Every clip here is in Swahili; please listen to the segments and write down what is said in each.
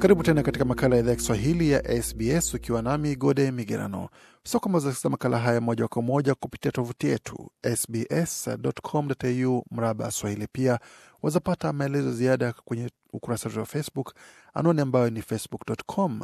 Karibu tena katika makala ya idhaa ya Kiswahili ya SBS ukiwa nami Gode Migerano. Sokomazasa makala haya moja kwa moja kupitia tovuti yetu sbs.com.au mraba Swahili. Pia wazapata maelezo ziada kwenye ukurasa wetu wa Facebook, anwani ambayo ni facebook.com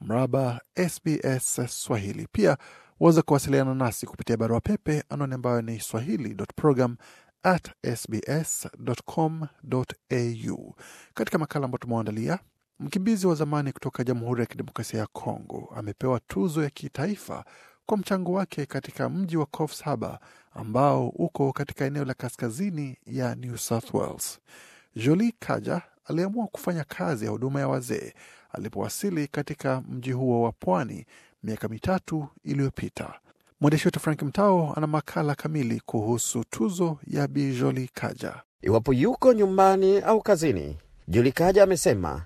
mraba SBS Swahili. Pia waweza kuwasiliana nasi kupitia barua pepe, anwani ambayo ni swahili.program at sbs.com.au. Katika makala ambayo tumeandalia Mkimbizi wa zamani kutoka Jamhuri ya Kidemokrasia ya Kongo amepewa tuzo ya kitaifa kwa mchango wake katika mji wa Coffs Harbour ambao uko katika eneo la kaskazini ya New South Wales. Joli Kaja aliamua kufanya kazi ya huduma ya wazee alipowasili katika mji huo wa pwani miaka mitatu iliyopita. Mwandishi wetu Frank Mtao ana makala kamili kuhusu tuzo ya Bi Kaja. Iwapo yuko nyumbani au kazini, Jolie Kaja amesema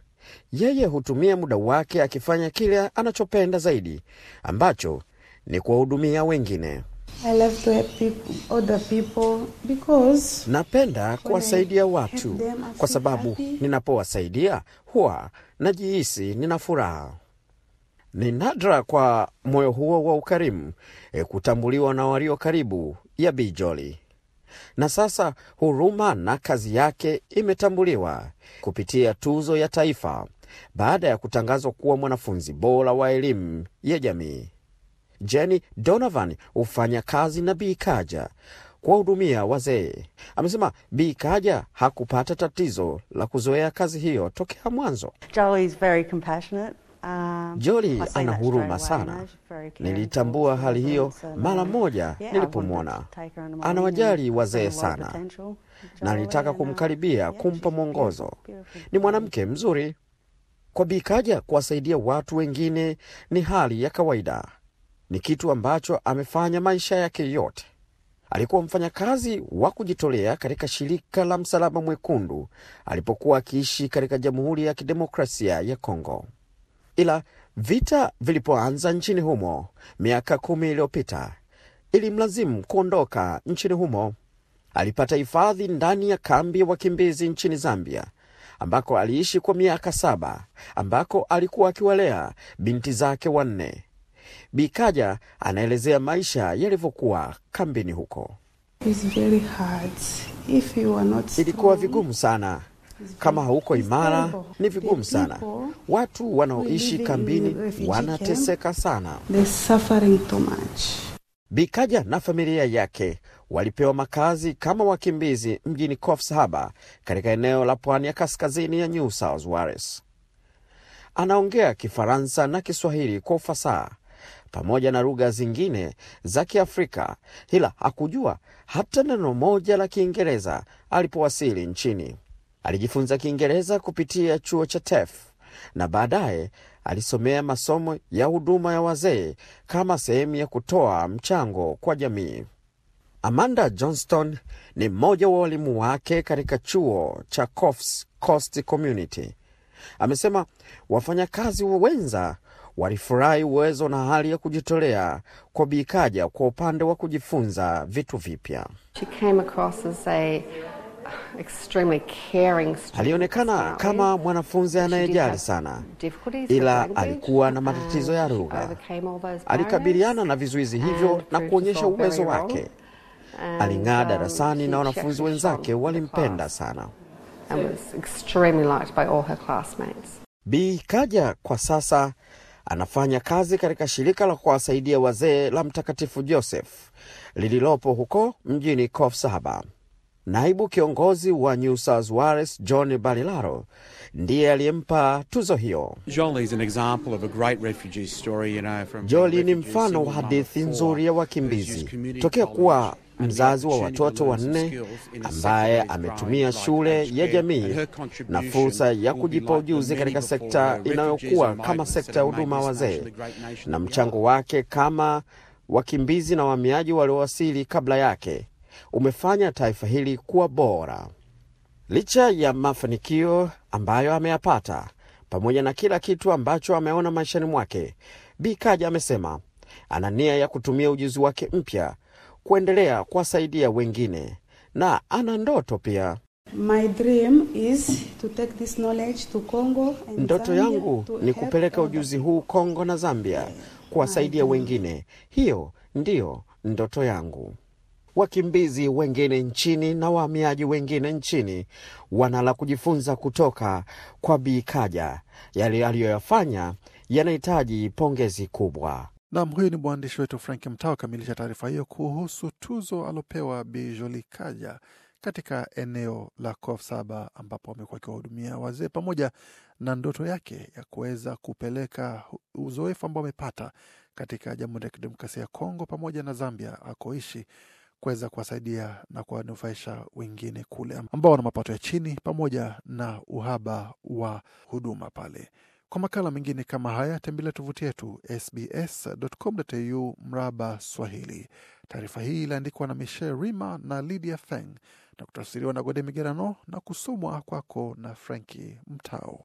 yeye hutumia muda wake akifanya kile anachopenda zaidi, ambacho ni kuwahudumia wengine. Napenda kuwasaidia watu kwa sababu ninapowasaidia huwa najihisi nina furaha. Ni nadra kwa moyo huo wa ukarimu e, kutambuliwa na walio karibu ya bijoli Joli na sasa huruma na kazi yake imetambuliwa kupitia tuzo ya taifa baada ya kutangazwa kuwa mwanafunzi bora wa elimu ya jamii. jeni Donovan hufanya kazi na Bi Kaja kuwahudumia wazee. Amesema Bi Kaja hakupata tatizo la kuzoea kazi hiyo tokea mwanzo. very compassionate. Joli ana huruma sana. Nilitambua hali hiyo mara moja nilipomwona. Anawajali wazee sana, na nilitaka uh, kumkaribia, kumpa mwongozo. Ni mwanamke mzuri. Kwa Bikaja, Kaja, kuwasaidia watu wengine ni hali ya kawaida, ni kitu ambacho amefanya maisha yake yote. Alikuwa mfanyakazi wa kujitolea katika shirika la Msalaba Mwekundu alipokuwa akiishi katika Jamhuri ya Kidemokrasia ya Kongo ila vita vilipoanza nchini humo miaka kumi iliyopita ilimlazimu kuondoka nchini humo. Alipata hifadhi ndani ya kambi ya wakimbizi nchini Zambia ambako aliishi kwa miaka saba ambako alikuwa akiwalea binti zake wanne. Bikaja anaelezea maisha yalivyokuwa kambini huko. ilikuwa vigumu sana kama hauko imara, ni vigumu sana. Watu wanaoishi kambini wanateseka sana. Bikaja na familia yake walipewa makazi kama wakimbizi mjini Coffs katika eneo la pwani ya kaskazini ya New South Wales. Anaongea Kifaransa na Kiswahili kwa ufasaha pamoja na lugha zingine za Kiafrika, ila hakujua hata neno moja la Kiingereza alipowasili nchini. Alijifunza Kiingereza kupitia chuo cha TEF na baadaye alisomea masomo ya huduma ya wazee kama sehemu ya kutoa mchango kwa jamii. Amanda Johnston ni mmoja wa walimu wake katika chuo cha Coffs Coast Community. Amesema wafanyakazi wenza walifurahi uwezo na hali ya kujitolea kwa biikaja kwa upande wa kujifunza vitu vipya. Alionekana kama mwanafunzi anayejali sana, ila alikuwa na um, matatizo ya lugha. Alikabiliana na vizuizi hivyo na kuonyesha uwezo wake. Aling'aa um, darasani na wanafunzi wenzake walimpenda sana. Bi Kaja kwa sasa anafanya kazi katika shirika la kuwasaidia wazee la Mtakatifu Joseph lililopo huko mjini Coffs Naibu kiongozi wa New South Wales John Barilaro ndiye aliyempa tuzo hiyo. Joli ni mfano wa hadithi nzuri ya wakimbizi tokea kuwa mzazi wa watoto wanne ambaye ametumia shule ya jamii na fursa ya kujipa ujuzi katika sekta inayokuwa kama sekta ya huduma wazee na mchango wake kama wakimbizi na wahamiaji waliowasili kabla yake umefanya taifa hili kuwa bora. Licha ya mafanikio ambayo ameyapata pamoja na kila kitu ambacho ameona maishani mwake, Bi Kaja amesema ana nia ya kutumia ujuzi wake mpya kuendelea kuwasaidia wengine na ana ndoto pia. My dream is to take this knowledge to Congo and ndoto yangu to ni kupeleka ujuzi huu Kongo na Zambia kuwasaidia wengine. Hiyo ndiyo ndoto yangu wakimbizi wengine nchini na wahamiaji wengine nchini wana la kujifunza kutoka kwa Bikaja. Kaja. Yale aliyoyafanya yanahitaji pongezi kubwa. Nam, huyu ni mwandishi wetu Frank Mtao akamilisha taarifa hiyo kuhusu tuzo alopewa Bi Kaja katika eneo la Kof Saba ambapo amekuwa akiwahudumia wazee pamoja na ndoto yake ya kuweza kupeleka uzoefu ambao amepata katika Jamhuri ya Kidemokrasia ya Kongo pamoja na Zambia akoishi kuweza kuwasaidia na kuwanufaisha wengine kule ambao wana mapato ya chini pamoja na uhaba wa huduma pale. Kwa makala mengine kama haya tembelea tovuti yetu sbs.com.au mraba Swahili. Taarifa hii iliandikwa na Michel Rima na Lydia Feng na kutafsiriwa na Gode Migerano na kusomwa kwako na Franki Mtao.